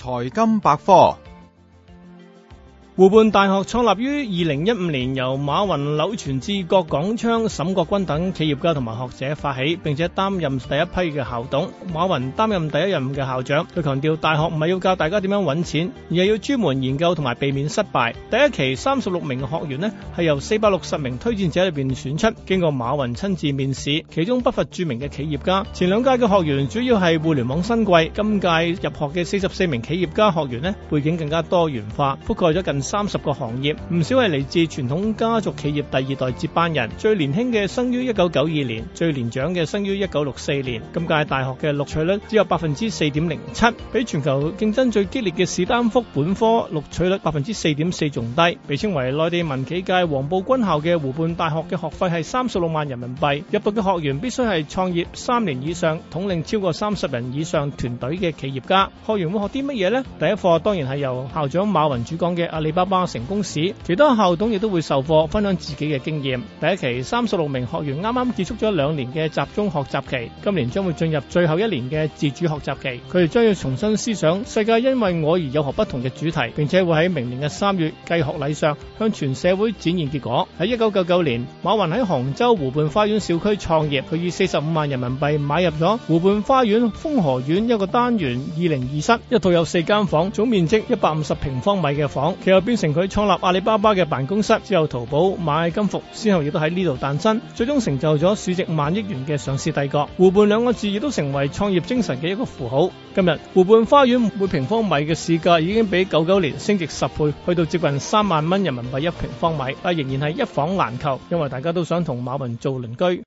財金百科。湖畔大學創立於二零一五年，由馬雲、柳傳志、郭廣昌、沈國軍等企業家同埋學者發起，並且擔任第一批嘅校董。馬雲擔任第一任嘅校長，佢強調大學唔係要教大家點樣搵錢，而係要專門研究同埋避免失敗。第一期三十六名嘅學員呢，係由四百六十名推薦者裏邊選出，經過馬雲親自面試，其中不乏著名嘅企業家。前兩屆嘅學員主要係互聯網新貴，今屆入學嘅四十四名企業家學員呢，背景更加多元化，覆蓋咗近三十個行業，唔少係嚟自傳統家族企業第二代接班人，最年輕嘅生於一九九二年，最年長嘅生於一九六四年。今屆大學嘅錄取率只有百分之四點零七，比全球競爭最激烈嘅史丹福本科錄取率百分之四點四仲低。被稱為內地民企界黃埔軍校嘅湖畔大學嘅學費係三十六萬人民幣，入讀嘅學員必須係創業三年以上、統領超過三十人以上團隊嘅企業家。學員會學啲乜嘢呢？第一課當然係由校長馬雲主講嘅阿里巴爸爸成功史，其他校董亦都會授課，分享自己嘅經驗。第一期三十六名學員啱啱結束咗兩年嘅集中學習期，今年將會進入最後一年嘅自主學習期。佢哋將要重新思想世界因為我而有何不同嘅主題，並且會喺明年嘅三月計學禮上向全社會展現結果。喺一九九九年，馬雲喺杭州湖畔花園小區創業，佢以四十五萬人民幣買入咗湖畔花園楓河苑一個單元二零二室，一套有四間房，總面積一百五十平方米嘅房。促成佢創立阿里巴巴嘅辦公室，之後淘寶、螞蟻金服先後亦都喺呢度誕生，最終成就咗市值萬億元嘅上市帝國。湖畔兩個字亦都成為創業精神嘅一個符號。今日湖畔花園每平方米嘅市價已經比九九年升值十倍，去到接近三萬蚊人民幣一平方米，但仍然係一房難求，因為大家都想同馬雲做鄰居。